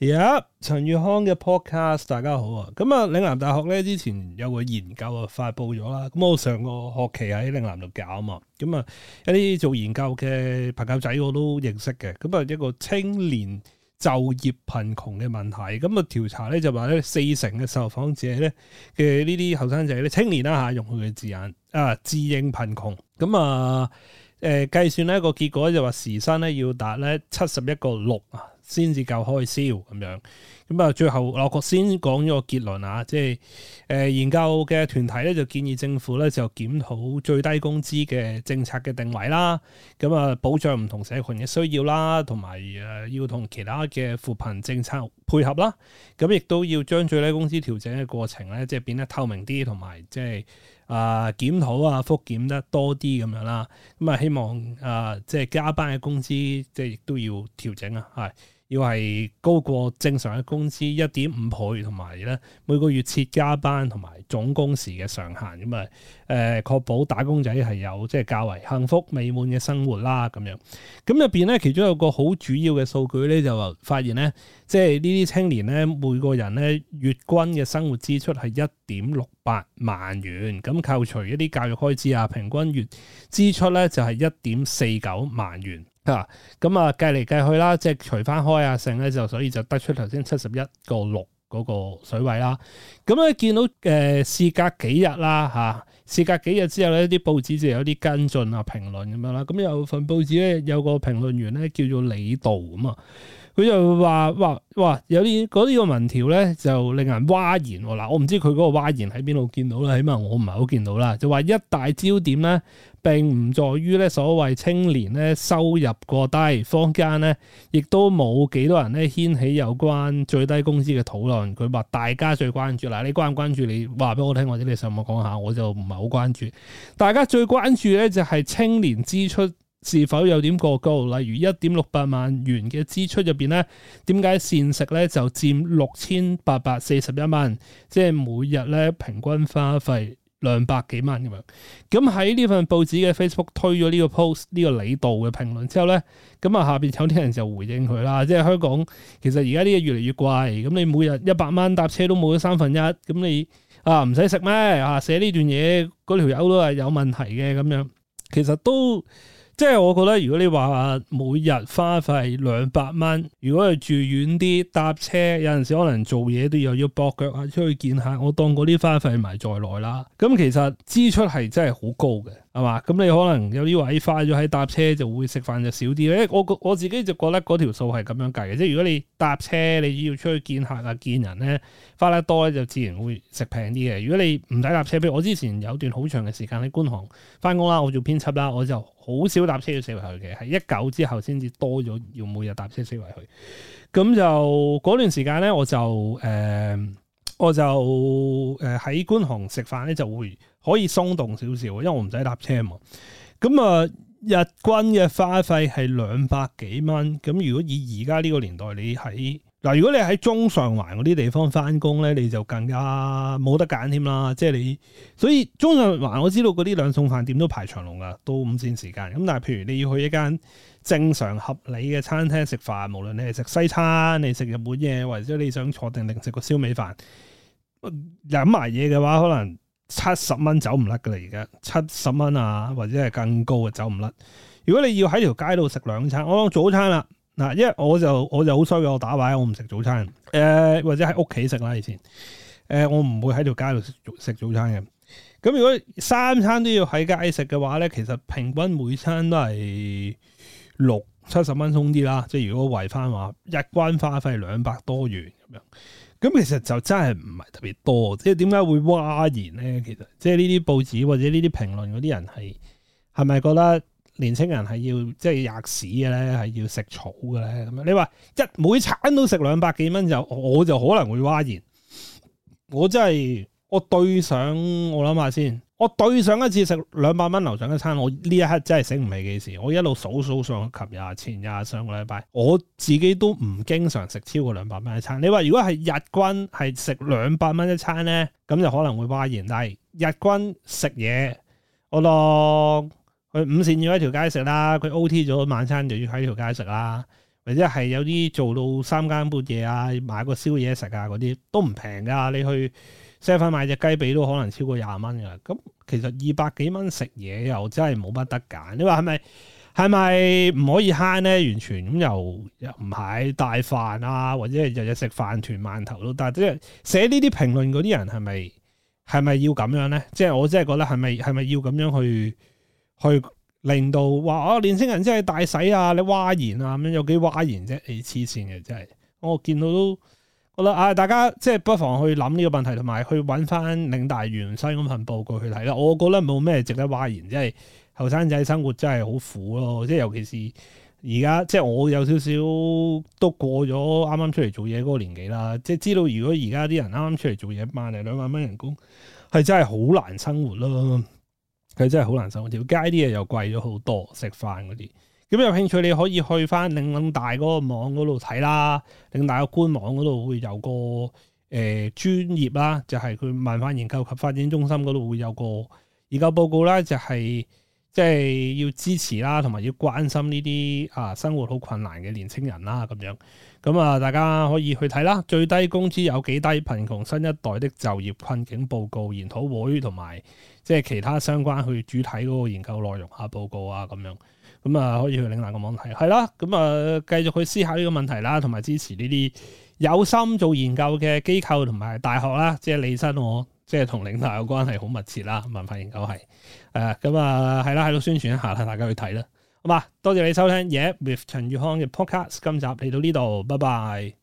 而家陳玉康嘅 podcast，大家好啊！咁啊，嶺南大學咧之前有個研究啊，發佈咗啦。咁我上個學期喺嶺南度搞啊嘛，咁啊一啲做研究嘅朋友仔我都認識嘅。咁啊，一個青年就業貧窮嘅問題，咁啊調查咧就話咧四成嘅受訪者咧嘅呢啲後生仔咧青年啦吓，用佢嘅字眼啊，自認貧窮。咁啊，誒、呃、計算咧呢個結果就話時薪咧要達咧七十一個六啊。先至夠開銷咁樣，咁啊最後我國先講咗個結論啊，即係誒、呃、研究嘅團體咧就建議政府咧就檢討最低工資嘅政策嘅定位啦，咁啊保障唔同社群嘅需要啦，同埋誒要同其他嘅扶貧政策配合啦，咁亦都要將最低工資調整嘅過程咧即係變得透明啲，同埋即係啊檢討啊復檢得多啲咁樣啦，咁啊希望啊、呃、即係加班嘅工資即係亦都要調整啊，係。要係高過正常嘅工資一點五倍，同埋咧每個月設加班同埋總工時嘅上限，咁啊誒確保打工仔係有即係、就是、較為幸福美滿嘅生活啦咁樣。咁入邊呢，其中有個好主要嘅數據咧，就發現呢，即係呢啲青年呢，每個人呢，月均嘅生活支出係一點六八萬元，咁扣除一啲教育開支啊，平均月支出呢，就係一點四九萬元。嚇咁啊計嚟計去啦，即係除翻開啊剩咧就，所以就得出頭先七十一個六嗰個水位啦。咁、啊、咧、嗯、見到誒，事、呃、隔幾日啦嚇，事、啊、隔幾日之後咧，啲報紙就有啲跟進啊評論咁樣啦。咁、啊嗯、有份報紙咧，有個評論員咧叫做李道咁啊，佢就話話話有啲嗰啲個文條咧就令人嘩然喎嗱、啊，我唔知佢嗰個嘩然喺邊度見到啦，起碼我唔係好見到啦，就話一大焦點咧。並唔在於咧所謂青年咧收入過低，坊間咧亦都冇幾多人咧掀起有關最低工資嘅討論。佢話大家最關注嗱，你關唔關注？你話俾我聽，或者你上網講下，我就唔係好關注。大家最關注咧就係青年支出是否有點過高，例如一點六八萬元嘅支出入邊呢，點解膳食咧就佔六千八百四十一萬，即係每日咧平均花費。兩百幾萬咁樣，咁喺呢份報紙嘅 Facebook 推咗呢個 post，呢個李導嘅評論之後咧，咁啊下邊有啲人就回應佢啦，即係香港其實而家啲嘢越嚟越貴，咁你每日一百蚊搭車都冇咗三分一，咁你啊唔使食咩？啊，啊寫呢段嘢嗰條友都係有問題嘅咁樣，其實都。即係我覺得如果你話每日花費兩百蚊，如果係住遠啲搭車，有陣時可能做嘢都又要駁腳啊出去見客，我當嗰啲花費埋在內啦。咁其實支出係真係好高嘅。係嘛？咁你可能有啲位，誒花咗喺搭車，就會食飯就少啲咧。我我自己就覺得嗰條數係咁樣計嘅，即係如果你搭車，你要出去見客啊、見人咧，花得多咧，就自然會食平啲嘅。如果你唔使搭車，譬如我之前有段好長嘅時間喺觀塘翻工啦，我做編輯啦，我就好少搭車要四圍去嘅，係一九之後先至多咗要每日搭車四圍去。咁就嗰段時間咧，我就誒。呃我就誒喺觀塘食飯咧，就會可以鬆動少少，因為我唔使搭車嘛。咁、嗯、啊，日均嘅花費係兩百幾蚊。咁如果以而家呢個年代，你喺嗱，如果你喺中上環嗰啲地方翻工咧，你就更加冇得揀添啦。即係你，所以中上環我知道嗰啲兩餸飯店都排長龍噶，都午膳時間。咁但係，譬如你要去一間正常合理嘅餐廳食飯，無論你係食西餐、你食日本嘢，或者你想坐定定食個燒味飯。飲埋嘢嘅話，可能七十蚊走唔甩㗎啦。而家七十蚊啊，或者係更高嘅，走唔甩。如果你要喺條街度食兩餐，我、當、早餐啦嗱，因為我就我就好衰，我打牌，我唔食早餐。誒、呃，或者喺屋企食啦以前。誒、呃，我唔會喺條街度食早餐嘅。咁如果三餐都要喺街食嘅話咧，其實平均每餐都係六七十蚊鬆啲啦。即係如果維翻話，日均花費兩百多元咁樣。咁其實就真係唔係特別多，即係點解會嘩然咧？其實即係呢啲報紙或者呢啲評論嗰啲人係係咪覺得年青人係要即係吔屎嘅咧，係要食草嘅咧？咁你話一每餐都食兩百幾蚊就，我就可能會嘩然。我真係我對上我諗下先。我對上一次食兩百蚊樓上一餐，我呢一刻真係醒唔起幾時。我一路數數上琴日、前日、上個禮拜，我自己都唔經常食超過兩百蚊一餐。你話如果係日均係食兩百蚊一餐咧，咁就可能會嘩然。但係日均食嘢，我落去五線要一條街食啦，佢 O T 咗晚餐就要喺條街食啦，或者係有啲做到三更半夜啊，買個宵夜食啊，嗰啲都唔平噶，你去。即係份買隻雞髀都可能超過廿蚊㗎喇，咁其實二百幾蚊食嘢又真係冇乜得揀。你話係咪係咪唔可以慳咧？完全咁又又唔係，帶飯啊，或者日日食飯團饅頭都。但係即係寫呢啲評論嗰啲人係咪係咪要咁樣咧？即係我真係覺得係咪係咪要咁樣去去令到話哦、啊，年輕人真係大使啊，你嘩然啊咁樣有幾嘩然啫？你黐線嘅真係我見到都。好啦，啊！大家即係不妨去諗呢個問題，同埋去揾翻領大元生嗰份報告去睇啦。我覺得冇咩值得話言，即係後生仔生活真係好苦咯。即係尤其是而家，即係我有少少都過咗啱啱出嚟做嘢嗰個年紀啦。即係知道如果而家啲人啱啱出嚟做嘢，就是、萬零兩萬蚊人工係真係好難生活咯。佢真係好難生活，條街啲嘢又貴咗好多，食飯嗰啲。咁有興趣你可以去返嶺嶺大嗰個網嗰度睇啦，嶺大個官網嗰度會有個誒、呃、專頁啦、啊，就係、是、佢文化研究及發展中心嗰度會有個研究報告啦，就係即係要支持啦，同埋要關心呢啲啊生活好困難嘅年青人啦、啊、咁樣。咁啊，大家可以去睇啦。最低工資有幾低？貧窮新一代的就業困境報告研討會同埋即係其他相關去主體嗰個研究內容啊報告啊咁樣。咁啊，可以去嶺南個網睇，係啦，咁啊，繼續去思考呢個問題啦，同埋支持呢啲有心做研究嘅機構同埋大學啦，即係李生我，即係同嶺南有關係好密切啦，文化研究係，誒，咁啊，係啦，喺度宣傳一下啦，大家去睇啦，好嘛，多謝你收聽，Yeah，with 陳宇康嘅 Podcast，今集嚟到呢度，拜拜。